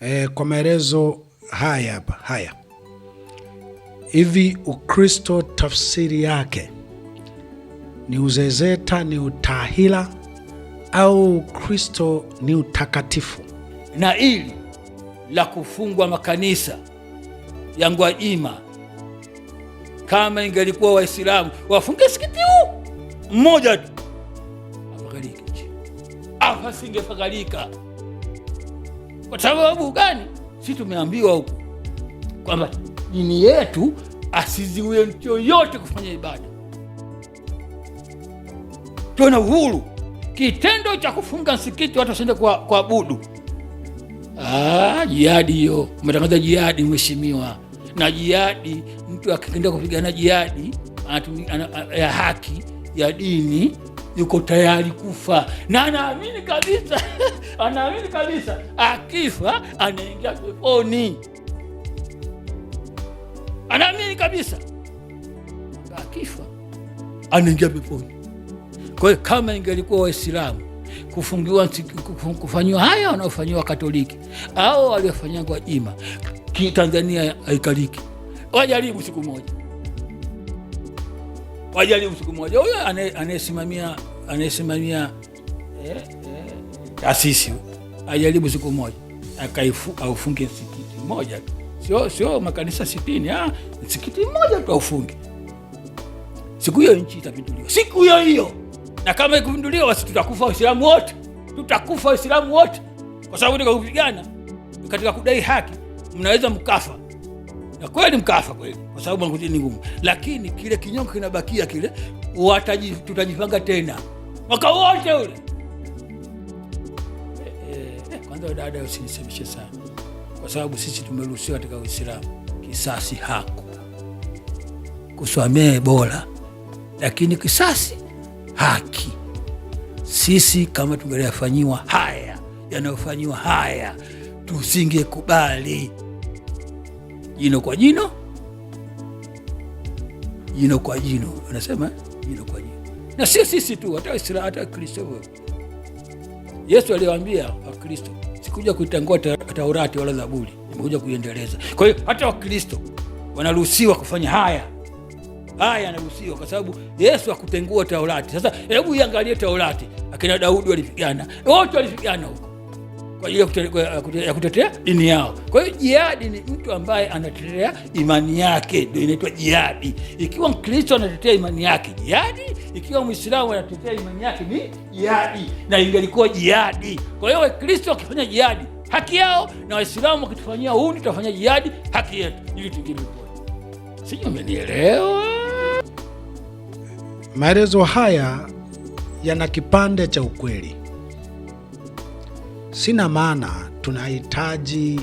E, kwa maelezo haya hapa haya hivi, Ukristo tafsiri yake ni uzezeta, ni utahila au Ukristo ni utakatifu? Na ili la kufungwa makanisa ya Gwajima, kama ingelikuwa Waislamu wafunge msikiti huu mmoja tu afasingefagalika, kwa sababu gani? Si tumeambiwa huko kwamba dini yetu asiziwe mtu yoyote kufanya ibada, tuwe na uhuru. Kitendo cha kufunga msikiti watu wasiende kuabudu, budu ah, jihadi hiyo. Umetangaza jihadi, mheshimiwa, na jihadi, mtu akienda kupigana jihadi ya haki ya dini yuko tayari kufa na anaamini kabisa anaamini kabisa akifa anaingia peponi, anaamini kabisa akifa anaingia peponi. Kwa hiyo kama ingelikuwa Waislamu kufungiwa kufanyiwa haya wanaofanyiwa Katoliki au waliofanyiwa Gwajima, Tanzania haikaliki. Wajaribu siku moja wajaribu siku moja huyo anayesimamia anayesimamia eh, eh, taasisi ajaribu siku moja aufunge msikiti mmoja tu, sio sio makanisa sitini, ah, msikiti mmoja tu aufunge. Siku hiyo nchi itapinduliwa, siku hiyo hiyo. Na kama ikupinduliwa, basi tutakufa Waislamu wote, tutakufa Waislamu wote, kwa sababu katika kupigana, katika kudai haki, mnaweza mkafa na kweli mkafa kweli, kwa sababu Mwanguti ni ngumu, lakini kile kinyongo kinabakia kile, tutajipanga tena mwaka wote ule. Eh, eh, eh, kwanza dada, usinisemeshe sana, kwa sababu sisi tumeruhusiwa katika Uislamu kisasi hako kuswamee bora, lakini kisasi haki. Sisi kama tungelifanyiwa haya yanayofanyiwa haya, tusingekubali jino kwa jino, jino kwa jino, anasema jino kwa jino. Na sio sisi tu, hata Islam, hata Kristo. Yesu aliwaambia Wakristo, sikuja kuitangua Taurati wala Zaburi, nimekuja kuiendeleza. Kwa hiyo hata Wakristo wanaruhusiwa kufanya haya haya, anaruhusiwa kwa sababu Yesu akutengua Taurati. Sasa hebu iangalie Taurati, akina Daudi walipigana, wote walipigana huko kwa ajili ya kutetea dini yao. Kwa hiyo jihadi ni mtu ambaye anatetea imani yake, ndio inaitwa jihadi. Ikiwa Mkristo anatetea imani yake jihadi, ikiwa Mwislamu anatetea imani yake ni jihadi, na ingelikuwa jihadi. Kwa hiyo Wakristo wakifanya jihadi haki yao, na Waislamu wakitufanyia huni tutafanya jihadi haki yetu. ili tungine sijui umenielewa. Maelezo haya yana kipande cha ukweli Sina maana tunahitaji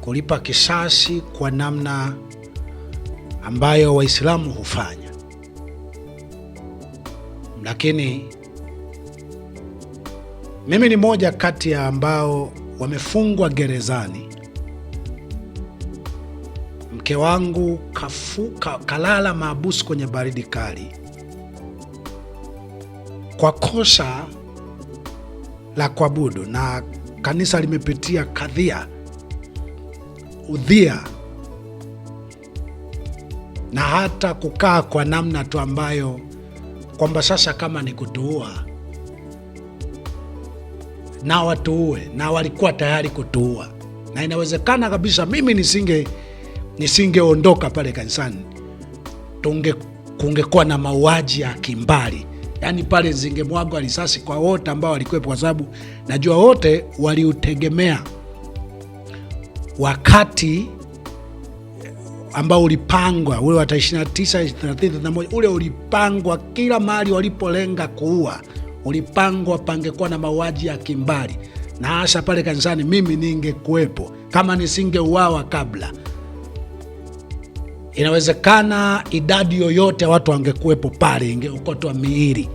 kulipa kisasi kwa namna ambayo Waislamu hufanya, lakini mimi ni moja kati ya ambao wamefungwa gerezani. Mke wangu ka, kalala maabusu kwenye baridi kali kwa kosa la kuabudu, na kanisa limepitia kadhia, udhia na hata kukaa kwa namna tu ambayo kwamba sasa kama ni kutuua na watuue, na walikuwa tayari kutuua, na inawezekana kabisa mimi nisinge nisingeondoka pale kanisani, kungekuwa na mauaji ya kimbali yani pale zingemwagwa risasi kwa wote ambao walikuwepo, kwa sababu najua wote waliutegemea wakati ambao ulipangwa ule wa 29, 30, 31, ule ulipangwa kila mahali walipolenga kuua, ulipangwa pangekuwa na mauaji ya kimbali, na hasa pale kanisani. Mimi ningekuwepo kama nisingeuawa kabla inawezekana idadi yoyote watu wangekuwepo pale, ingeokotwa miili.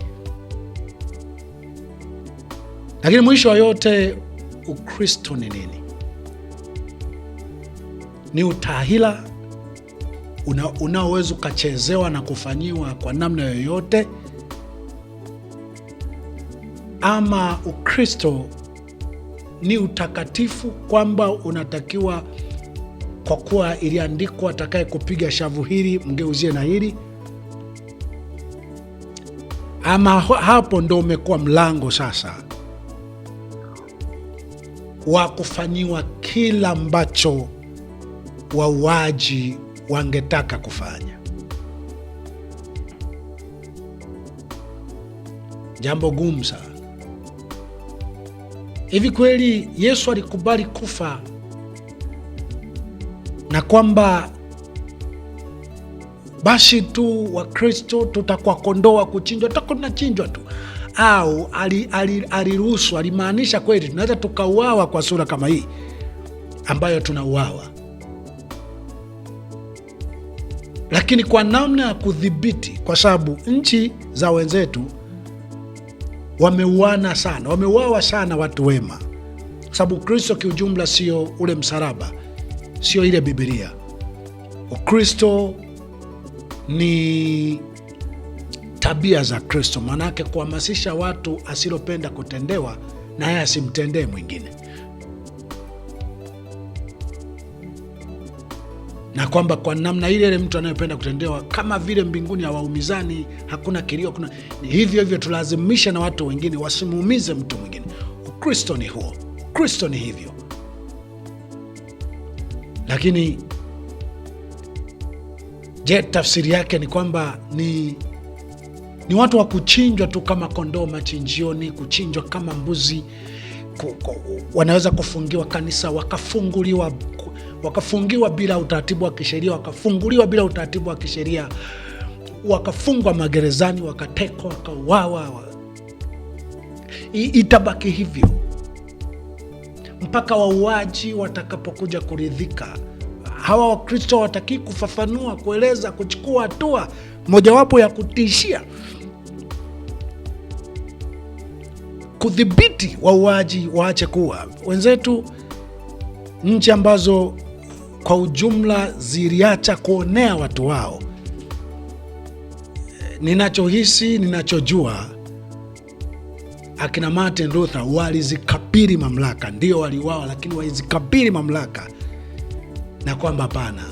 Lakini mwisho wa yote, Ukristo ni nini? Ni utahila unaoweza ukachezewa na kufanyiwa kwa namna yoyote, ama Ukristo ni utakatifu kwamba unatakiwa kwa kuwa iliandikwa, atakaye kupiga shavu hili mgeuzie na hili. Ama hapo ndo umekuwa mlango sasa wa kufanyiwa kila ambacho wauaji wangetaka kufanya. Jambo gumu sana. Hivi kweli Yesu alikubali kufa na kwamba basi tu Wakristo tutakuwa kondoo wa kuchinjwa, tutakuwa tunachinjwa tu au aliruhusu ali, alimaanisha kweli tunaweza tukauawa kwa sura kama hii ambayo tunauawa, lakini kwa namna ya kudhibiti, kwa sababu nchi za wenzetu wameuana sana, wameuawa sana watu wema, kwa sababu Kristo kiujumla sio ule msalaba sio ile Bibilia. Ukristo ni tabia za Kristo, maanake kuhamasisha watu asilopenda kutendewa na yeye asimtendee mwingine, na kwamba kwa namna ile ile mtu anayependa kutendewa, kama vile mbinguni hawaumizani, hakuna kilio, kuna hivyo hivyo tulazimisha na watu wengine wasimuumize mtu mwingine. Ukristo ni huo, Ukristo ni hivyo. Lakini je, tafsiri yake ni kwamba ni, ni watu wa kuchinjwa tu kama kondoo machinjioni, kuchinjwa kama mbuzi wanaweza kufungiwa kanisa wakafunguliwa, wakafungiwa bila utaratibu wa kisheria, wakafunguliwa bila utaratibu wa kisheria, wakafungwa magerezani, wakatekwa, wakauawa. Itabaki hivyo mpaka wauaji watakapokuja kuridhika. Hawa Wakristo watakii kufafanua, kueleza, kuchukua hatua mojawapo ya kutishia kudhibiti wauaji waache kuwa. Wenzetu nchi ambazo kwa ujumla ziliacha kuonea watu wao, ninachohisi ninachojua akina Martin Luther walizikabili mamlaka, ndio waliuawa, lakini walizikabili mamlaka na kwamba hapana,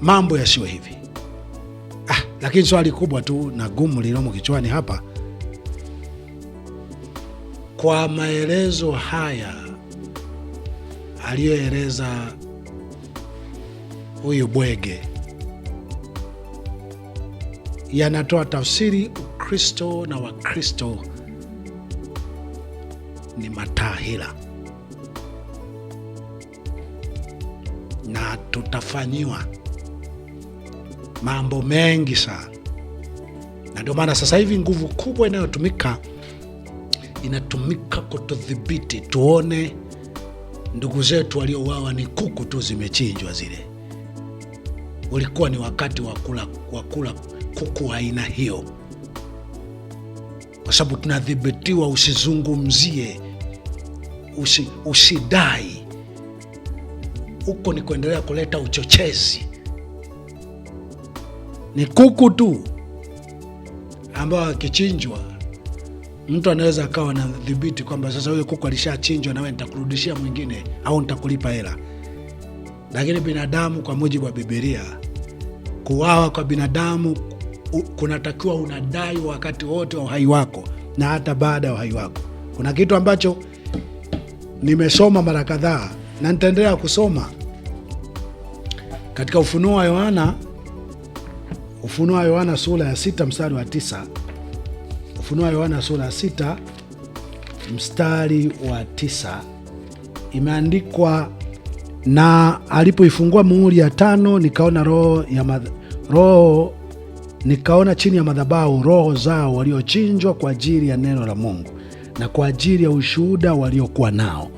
mambo yasiwe hivi. Ah, lakini swali kubwa tu na gumu lilomo kichwani hapa, kwa maelezo haya aliyoeleza huyu Bwege yanatoa tafsiri Ukristo na Wakristo ni matahila na tutafanyiwa mambo mengi sana, na ndio maana sasa hivi nguvu kubwa inayotumika inatumika kutudhibiti, tuone ndugu zetu waliouawa ni kuku tu zimechinjwa zile. Ulikuwa ni wakati wa kula wa kula kuku aina hiyo, kwa sababu tunadhibitiwa, usizungumzie usi, usidai. Huko ni kuendelea kuleta uchochezi. Ni kuku tu ambao akichinjwa mtu anaweza akawa na dhibiti kwamba sasa huyo kuku alishachinjwa, nawe nitakurudishia mwingine au nitakulipa hela. Lakini binadamu, kwa mujibu wa Bibilia, kuwawa kwa binadamu kunatakiwa unadai wakati wote wa uhai wako na hata baada ya uhai wako. Kuna kitu ambacho nimesoma mara kadhaa na nitaendelea kusoma katika Ufunuo wa Yohana, Ufunuo wa Yohana sura ya sita mstari wa tisa Ufunuo wa Yohana sura ya sita mstari wa tisa imeandikwa na alipoifungua muhuri ya tano nikaona roho ya madh... roho nikaona chini ya madhabahu roho zao waliochinjwa kwa ajili ya neno la Mungu na kwa ajili ya ushuhuda waliokuwa nao,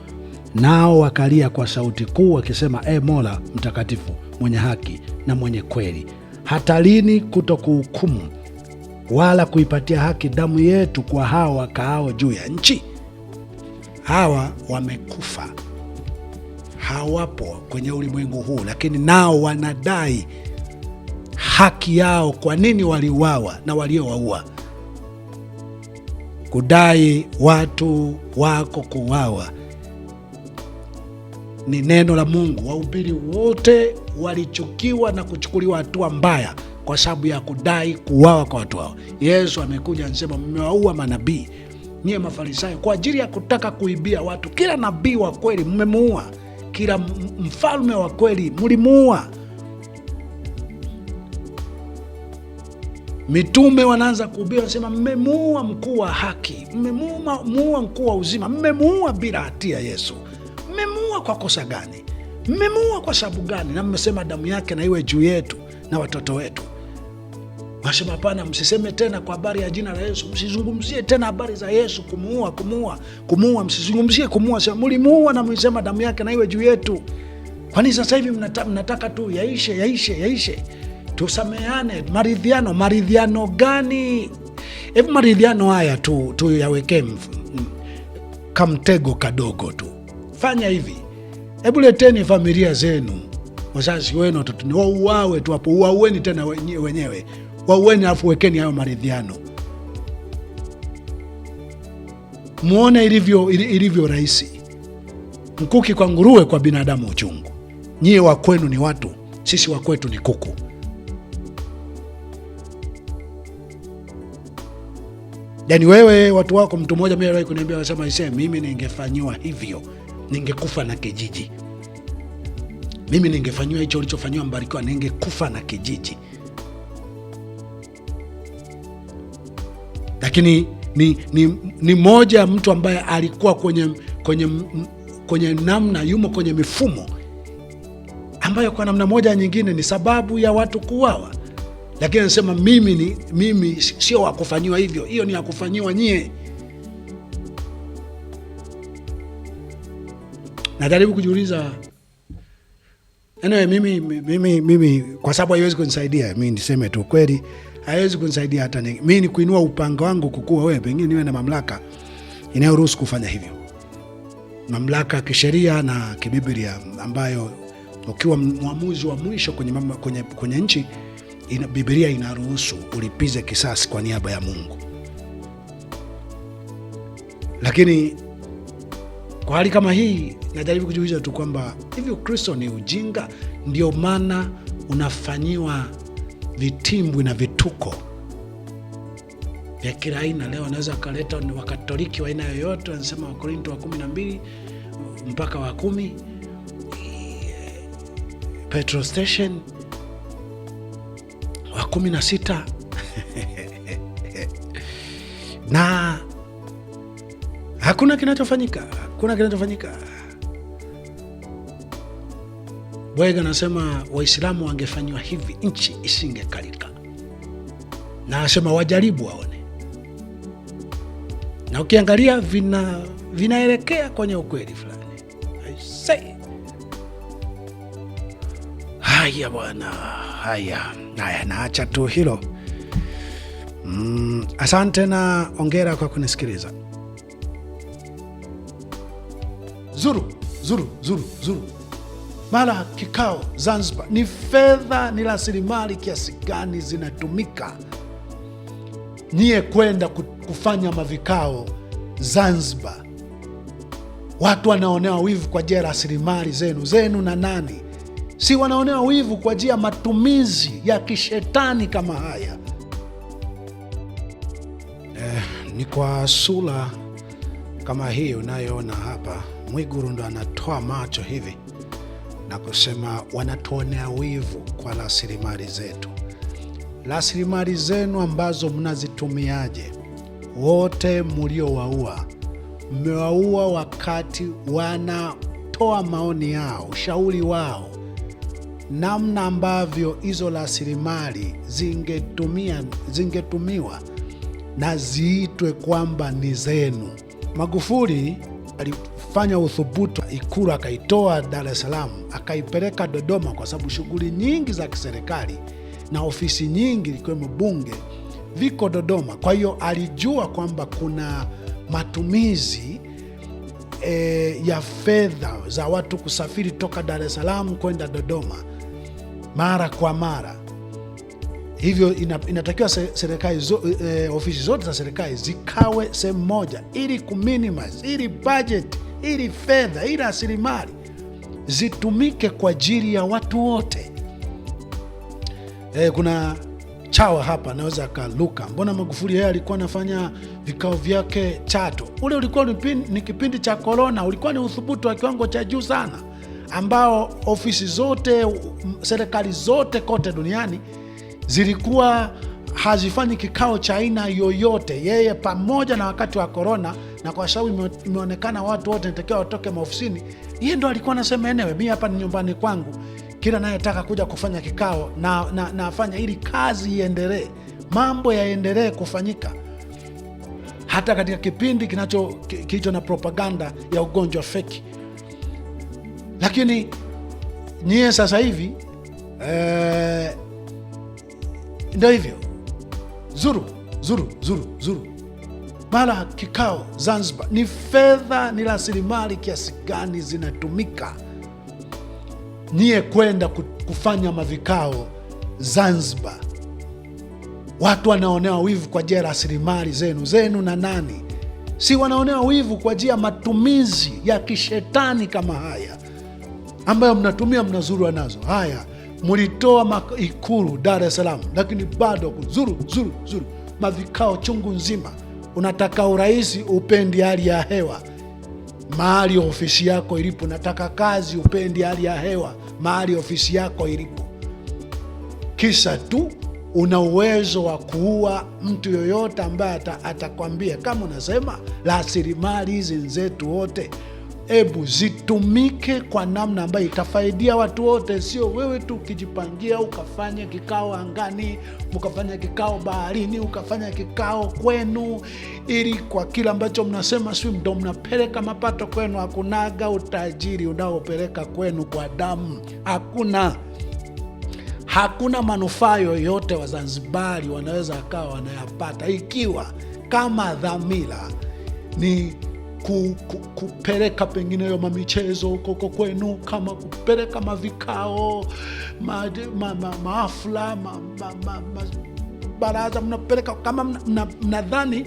nao wakalia kwa sauti kuu wakisema, E Mola mtakatifu, mwenye haki na mwenye kweli, hata lini kuto kuhukumu wala kuipatia haki damu yetu kwa hawa wakaao juu ya nchi? Hawa wamekufa, hawapo kwenye ulimwengu huu, lakini nao wanadai haki yao. Kwa nini waliuawa na waliowaua? Kudai watu wako kuuawa ni neno la Mungu. Wahubiri wote walichukiwa na kuchukuliwa hatua mbaya kwa sababu ya kudai kuwawa kwa watu hao. Yesu amekuja anasema, mmewaua manabii nyie Mafarisayo kwa ajili ya kutaka kuibia watu. Kila nabii wa kweli mmemuua, kila mfalme wa kweli mlimuua. Mitume wanaanza kuhubiri, wanasema mmemuua mkuu wa haki, mmemuua mkuu wa uzima, mmemuua bila hatia Yesu mmemuua kwa kosa gani? Mmemuua kwa sababu gani? Na mmesema damu yake na iwe juu yetu na watoto wetu. Wasema hapana, msiseme tena kwa habari ya jina la Yesu, msizungumzie tena habari za Yesu, kumuua, kumuua, kumuua, msizungumzie kumuua. Sasa mlimuua na mlisema damu yake na iwe juu yetu. Kwani sasa hivi mnataka, mnataka tu yaishe, yaishe, yaishe? Tusameane. Maridhiano, maridhiano gani? Hebu maridhiano haya tu tu yawekee mm, kamtego kadogo tu fanya hivi, hebu leteni familia zenu, wazazi wenu, watoto wauawe tu hapo, waueni tena wenyewe, waueni alafu wekeni hayo maridhiano, muone ilivyo, ilivyo rahisi. Mkuki kwa nguruwe, kwa binadamu uchungu. Nyie wa kwenu ni watu, sisi wa kwetu ni kuku. Yani wewe watu wako, mtu mmoja mimi aliwahi kuniambia, anasema ise, mimi ningefanyiwa hivyo ningekufa na kijiji. Mimi ningefanyiwa hicho ulichofanyiwa Mbarikiwa, ningekufa na kijiji. Lakini ni, ni, ni moja ya mtu ambaye alikuwa kwenye, kwenye, kwenye namna yumo kwenye mifumo ambayo kwa namna moja nyingine ni sababu ya watu kuwawa lakini anasema mimi, mimi sio wakufanyiwa hivyo, hiyo ni ya kufanyiwa nyie. najaribu kujiuliza anyway, mimi, mimi, mimi kwa sababu haiwezi kunisaidia, mi niseme tu kweli, haiwezi kunisaidia hata mi ni kuinua upanga wangu kukua wewe, pengine niwe na mamlaka inayoruhusu kufanya hivyo, mamlaka kisheria na kibiblia ambayo ukiwa mwamuzi wa mwisho kwenye, mama, kwenye, kwenye nchi ina, Biblia inaruhusu ulipize kisasi kwa niaba ya Mungu, lakini kwa hali kama hii, najaribu kujiuliza tu kwamba hivi Ukristo ni ujinga? Ndio maana unafanyiwa vitimbwi na vituko vya kila aina. Leo anaweza wakaleta Wakatoliki wa aina yoyote, wanasema Wakorinto wa kumi na mbili mpaka wa kumi Petro station wa kumi na sita na hakuna kinachofanyika kuna kinachofanyika. Bwega anasema Waislamu wangefanyiwa hivi nchi isingekalika, na asema wajaribu waone, na ukiangalia vina vinaelekea kwenye ukweli fulani. Haya bwana, haya haya, naacha tu hilo. Mm, asante na ongera kwa kunisikiliza. zuru zuru zuru zuru, mara kikao Zanzibar. Ni fedha, ni rasilimali kiasi gani zinatumika nyie kwenda kufanya mavikao Zanzibar? Watu wanaonewa wivu kwa ajili ya rasilimali zenu zenu na nani, si wanaonewa wivu kwa ajili ya matumizi ya kishetani kama haya. Eh, ni kwa sura kama hii unayoona hapa. Mwiguru ndo anatoa macho hivi na kusema wanatuonea wivu kwa rasilimali zetu. Rasilimali zenu ambazo mnazitumiaje? Wote mliowaua, mmewaua wakati wanatoa maoni yao, ushauri wao, namna ambavyo hizo rasilimali zingetumia zingetumiwa na ziitwe kwamba ni zenu. Magufuli alifanya uthubutu, Ikulu akaitoa Dar es Salaam akaipeleka Dodoma, kwa sababu shughuli nyingi za kiserikali na ofisi nyingi likiwemo bunge viko Dodoma. Kwa hiyo alijua kwamba kuna matumizi e, ya fedha za watu kusafiri toka Dar es Salaam kwenda Dodoma mara kwa mara. Hivyo inatakiwa serikali zo, e, ofisi zote za serikali zikawe sehemu moja ili kuminimize ili budget ili fedha, ili rasilimali zitumike kwa ajili ya watu wote. E, kuna chawa hapa anaweza akaluka. Mbona Magufuli yeye alikuwa anafanya vikao vyake Chato? Ule ulikuwa ni kipindi cha korona, ulikuwa ni uthubutu wa kiwango cha juu sana, ambao ofisi zote serikali zote kote duniani zilikuwa hazifanyi kikao cha aina yoyote, yeye pamoja na wakati wa korona na kwa sababu imeonekana watu wote natakiwa watoke maofisini, yeye ndo alikuwa anasema enewe, mi hapa ni nyumbani kwangu, kila anayetaka kuja kufanya kikao na, na, na afanya ili kazi iendelee, mambo yaendelee kufanyika hata katika kipindi kinacho kilicho na propaganda ya ugonjwa feki. Lakini nyie sasa hivi ee, eh, ndo hivyo zuru zuru zuru zuru mara kikao Zanzibar, ni fedha, ni rasilimali kiasi gani zinatumika niye kwenda kufanya mavikao Zanzibar. Watu wanaonewa wivu kwa ajili ya rasilimali zenu zenu na nani, si wanaonewa wivu kwa ajili ya matumizi ya kishetani kama haya ambayo mnatumia, mnazurwa nazo. Haya, mlitoa Ikulu Dar es Salaam, lakini bado kuzuru zuru zuru mavikao chungu nzima unataka urahisi, upendi hali ya hewa mahali ofisi yako ilipo. Nataka kazi, upendi hali ya hewa mahali ofisi yako ilipo. Kisa tu una uwezo wa kuua mtu yoyote ambaye atakwambia, kama unasema rasilimali hizi nzetu wote hebu zitumike kwa namna ambayo itafaidia watu wote, sio wewe tu ukijipangia ukafanya kikao angani, ukafanya kikao baharini, ukafanya kikao kwenu, ili kwa kile ambacho mnasema, si ndo mnapeleka mapato kwenu. Hakunaga utajiri unaopeleka kwenu kwa damu, hakuna hakuna manufaa yoyote Wazanzibari wanaweza akawa wanayapata ikiwa kama dhamira ni ku, ku, kupeleka pengineyo mamichezo koko kwenu, kama kupeleka mavikao, maafula ma, ma, ma, ma, ma, baraza mnapeleka kama mnadhani mna, mna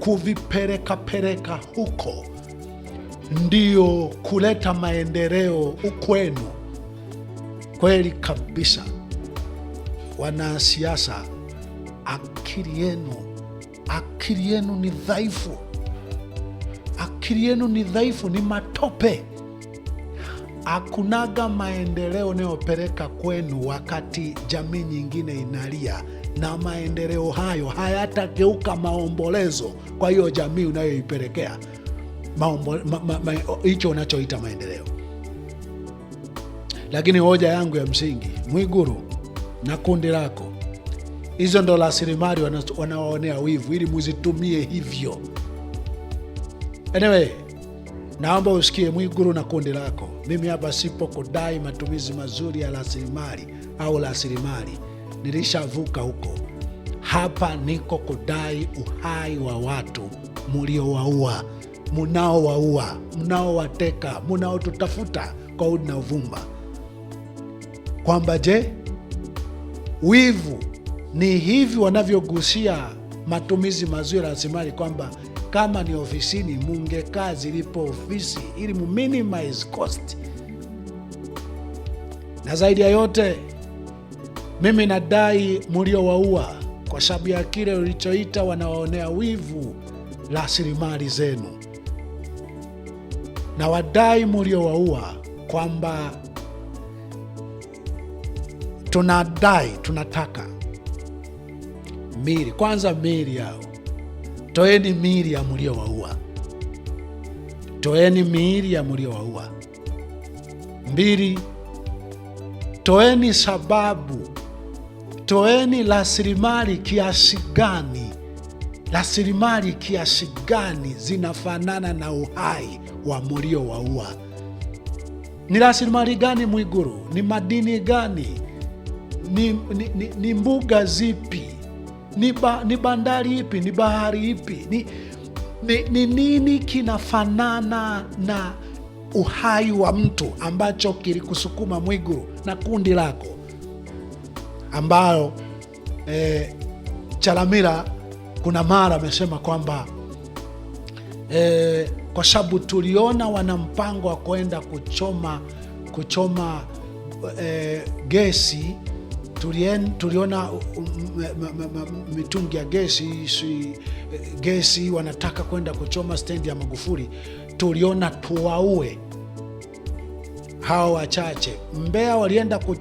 kuviperekapereka huko ndio kuleta maendeleo ukwenu. Kweli kabisa, wanasiasa, akili yenu akili yenu ni dhaifu akili yenu ni dhaifu, ni matope. Hakunaga maendeleo nayopeleka kwenu, wakati jamii nyingine inalia na maendeleo hayo hayatageuka maombolezo kwa hiyo jamii unayoipelekea hicho ma, ma, ma, unachoita maendeleo. Lakini hoja yangu ya msingi, Mwiguru na kundi lako, hizo ndo rasilimali wanawaonea wivu, ili muzitumie hivyo Anyway, naomba usikie mwiguru na kundi lako. Mimi hapa sipo kudai matumizi mazuri ya rasilimali au rasilimali, nilishavuka huko. Hapa niko kudai uhai wa watu muliowaua, munaowaua, mnaowateka, munaotutafuta kwa udi na uvumba, kwamba je, wivu ni hivi wanavyogusia matumizi mazuri ya rasilimali kwamba kama ni ofisini, mungekaa zilipo ofisi ili mu minimize cost. Na zaidi ya yote, mimi nadai muliowaua kwa sababu ya kile ulichoita wanawaonea wivu rasilimali zenu, na wadai muliowaua kwamba tunadai tunataka mili kwanza, mili yao toeni miili ya waua toeni miili ya waua Mbili, toeni sababu, toeni rasilimali kiasi gani, rasilimali kiasi gani zinafanana na uhai wa waua Ni rasilimali gani mwiguru? Ni madini gani? Ni, ni, ni, ni mbuga zipi? ni, ba, ni bandari ipi? Ni bahari ipi? Ni, ni, ni nini kinafanana na uhai wa mtu ambacho kilikusukuma Mwiguru na kundi lako ambayo eh, Chalamila kuna mara amesema kwamba eh, kwa sababu tuliona wana mpango wa kwenda kuchoma kuchoma eh, gesi tulien, tuliona um, um, mitungi ya gesi si, gesi wanataka kwenda kuchoma stendi ya Magufuli, tuliona tuwaue hawa wachache. Mbeya walienda ku,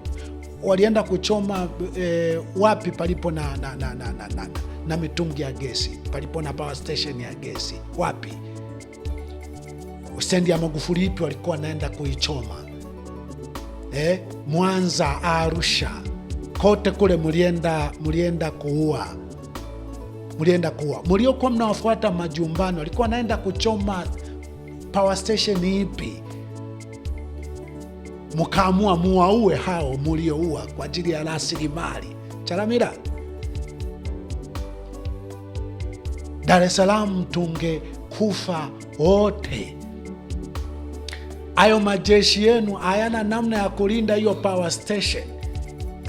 walienda kuchoma e, wapi palipo na, na, na, na, na, na, na mitungi ya gesi palipo na power station ya gesi wapi? Stendi ya Magufuli ipi walikuwa wanaenda kuichoma eh? Mwanza, Arusha kote kule mulienda, mulienda kuua mulienda kuua. Mliokuwa mnawafuata majumbani walikuwa naenda kuchoma power station ipi? Mkaamua muwaue hao mlioua kwa ajili ya rasilimali. Chalamila, Dar es Salaam kufa wote. Hayo majeshi yenu hayana namna ya kulinda hiyo power station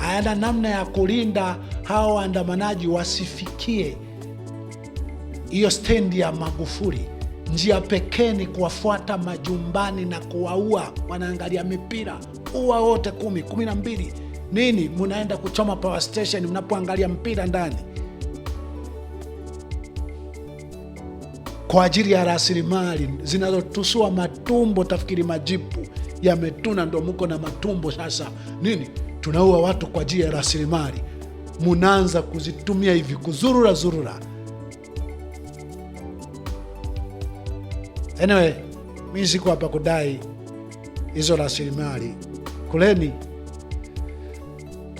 hayana namna ya kulinda hao waandamanaji wasifikie hiyo stendi ya Magufuli. Njia pekee ni kuwafuata majumbani na kuwaua. Wanaangalia mipira, ua wote kumi, kumi na mbili, nini munaenda kuchoma power station mnapoangalia mpira ndani kwa ajili ya rasilimali zinazotusua matumbo. Tafikiri majipu yametuna, ndo muko na matumbo sasa nini tunaua watu kwa ajili ya rasilimali, munaanza kuzitumia hivi kuzurura zurura. Anyway, mi siko hapa kudai hizo rasilimali kuleni,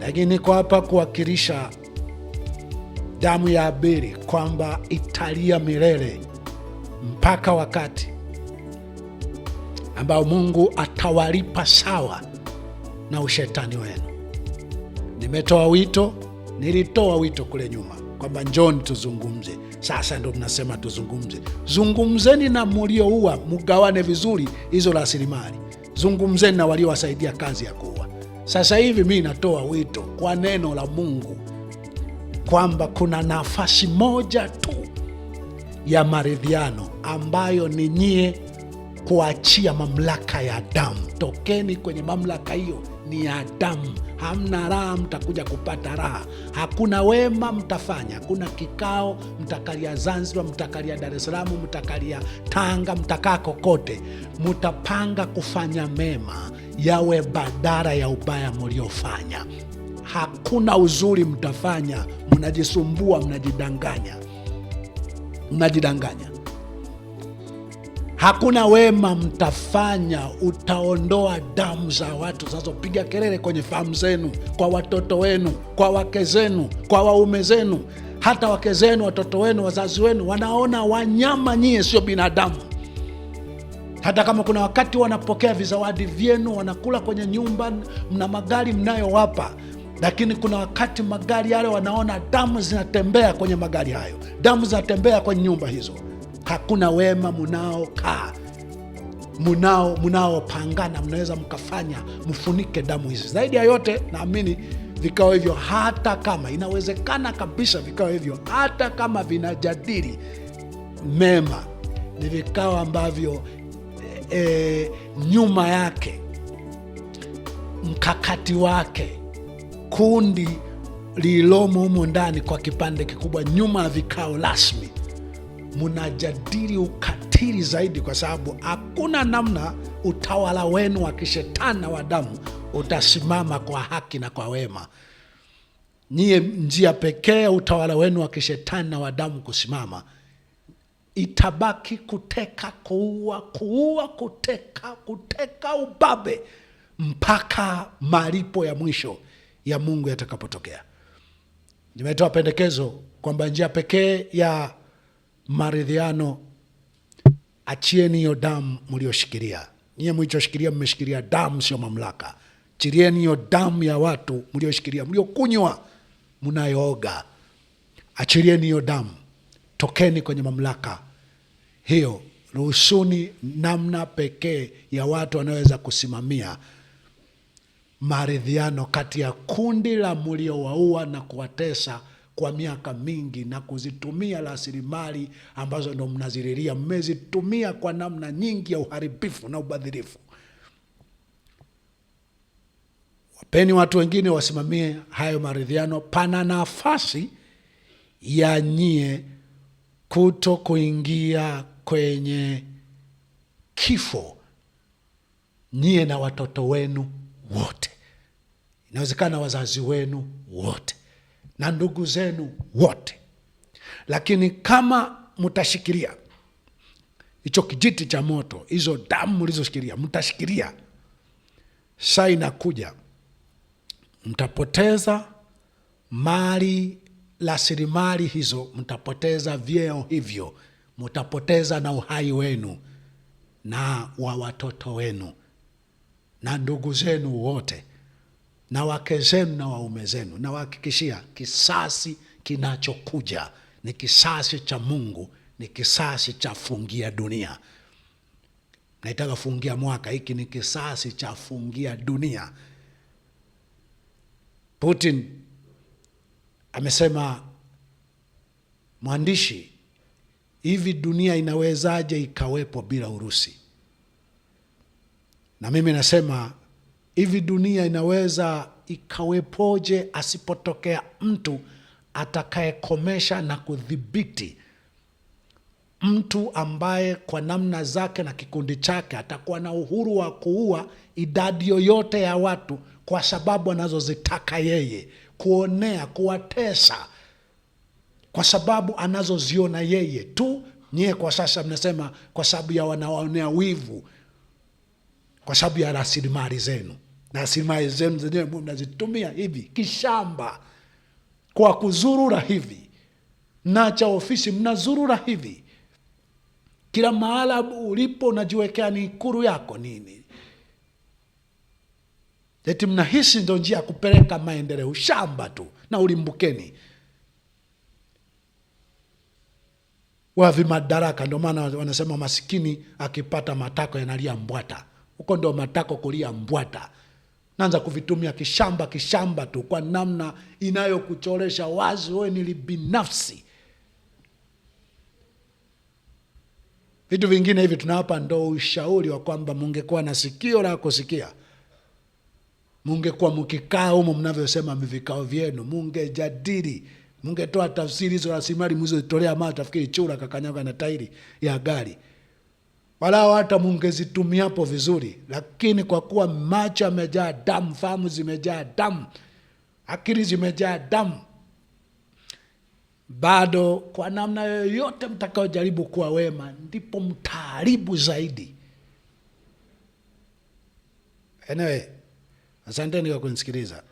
lakini niko hapa kuwakilisha damu ya Abeli kwamba italia milele mpaka wakati ambao Mungu atawalipa sawa na ushetani wenu. Nimetoa wito, nilitoa wito kule nyuma kwamba njoni tuzungumze. Sasa ndo mnasema tuzungumze. Zungumzeni na mlioua, mgawane vizuri hizo rasilimali. Zungumzeni na waliowasaidia kazi ya kuua. Sasa hivi mi natoa wito kwa neno la Mungu kwamba kuna nafasi moja tu ya maridhiano ambayo ni nyie kuachia mamlaka ya damu. Tokeni kwenye mamlaka hiyo ni Adamu. Hamna raha mtakuja kupata raha, hakuna wema mtafanya. Kuna kikao mtakalia Zanzibar, mtakalia Dar es Salaam, mtakalia Tanga, mtakaa kokote, mutapanga kufanya mema yawe badala ya ubaya muliofanya. Hakuna uzuri mtafanya, mnajisumbua, mnajidanganya, mnajidanganya hakuna wema mtafanya utaondoa damu za watu zinazopiga kelele kwenye fahamu zenu, kwa watoto wenu, kwa wake zenu, kwa waume zenu, hata wake zenu, watoto wenu, wazazi wenu wanaona wanyama nyie, sio binadamu. Hata kama kuna wakati wanapokea vizawadi vyenu, wanakula kwenye nyumba, mna magari mnayowapa lakini kuna wakati magari yale wanaona damu zinatembea kwenye magari hayo, damu zinatembea kwenye nyumba hizo hakuna wema munaokaa munao munaopangana mnaweza mkafanya mfunike damu hizi. Zaidi ya yote, naamini vikao hivyo, hata kama inawezekana kabisa, vikao hivyo hata kama vinajadili mema, ni vikao ambavyo e, nyuma yake mkakati wake kundi lilomo humo ndani kwa kipande kikubwa, nyuma ya vikao rasmi mnajadili ukatili zaidi, kwa sababu hakuna namna utawala wenu wa kishetani na wa damu utasimama kwa haki na kwa wema. Nyie, njia pekee ya utawala wenu wa kishetani na wa damu kusimama itabaki kuteka, kuua, kuua, kuteka, kuteka, ubabe mpaka malipo ya mwisho ya Mungu yatakapotokea. Nimetoa pendekezo kwamba njia pekee ya maridhiano. Achieni hiyo damu mlioshikilia nyie, mlichoshikilia mmeshikilia damu, sio mamlaka. Chirieni hiyo damu ya watu mlioshikilia, mliokunywa, mnayooga. Achirieni hiyo damu, tokeni kwenye mamlaka hiyo. Ruhusuni namna pekee ya watu wanaweza kusimamia maridhiano kati ya kundi la mliowaua na kuwatesa kwa miaka mingi na kuzitumia rasilimali ambazo ndo mnazililia, mmezitumia kwa namna nyingi ya uharibifu na ubadhirifu. Wapeni watu wengine wasimamie hayo maridhiano. Pana nafasi ya nyie kuto kuingia kwenye kifo, nyie na watoto wenu wote, inawezekana wazazi wenu wote na ndugu zenu wote, lakini kama mtashikilia hicho kijiti cha moto, hizo damu mlizoshikilia, mtashikilia, saa inakuja mtapoteza mali rasilimali hizo, mtapoteza vyeo hivyo, mtapoteza na uhai wenu na wa watoto wenu na ndugu zenu wote na wake zenu na waume zenu. Nawahakikishia kisasi kinachokuja ni kisasi cha Mungu, ni kisasi cha fungia dunia. Naitaka fungia mwaka, hiki ni kisasi cha fungia dunia. Putin amesema, mwandishi, hivi dunia inawezaje ikawepo bila Urusi? Na mimi nasema hivi dunia inaweza ikawepoje asipotokea mtu atakayekomesha na kudhibiti mtu ambaye kwa namna zake na kikundi chake atakuwa na uhuru wa kuua idadi yoyote ya watu kwa sababu anazozitaka yeye, kuonea, kuwatesa kwa sababu anazoziona yeye tu. Nyie kwa sasa mnasema kwa sababu ya wanawaonea wivu, kwa sababu ya rasilimali zenu na silaha zenu zenyewe mnazitumia hivi kishamba, kwa kuzurura hivi, cha ofisi mnazurura hivi, kila mahala ulipo unajiwekea ni ikuru yako nini, eti mnahisi ndo njia ya kupeleka maendeleo. Shamba tu na ulimbukeni wavi madaraka. Ndio maana wanasema masikini akipata matako yanalia mbwata, huko ndo matako kulia mbwata naanza kuvitumia kishamba kishamba tu kwa namna inayokuchoresha wazi wewe nili binafsi. Vitu vingine hivi tunawapa ndo ushauri wa kwamba mungekuwa na sikio la kusikia, mungekuwa mkikaa humo mnavyosema vikao vyenu, mungejadili, mungetoa tafsiri hizo rasilimali mlizozitolea macho, tafikiri chura kakanyaga na tairi ya gari wala hata mungezitumiapo vizuri, lakini kwa kuwa macho amejaa damu, fahamu zimejaa damu, akili zimejaa damu, bado kwa namna yoyote mtakaojaribu kuwa wema, ndipo mtaaribu zaidi. Enewe, asanteni kwa kunisikiliza.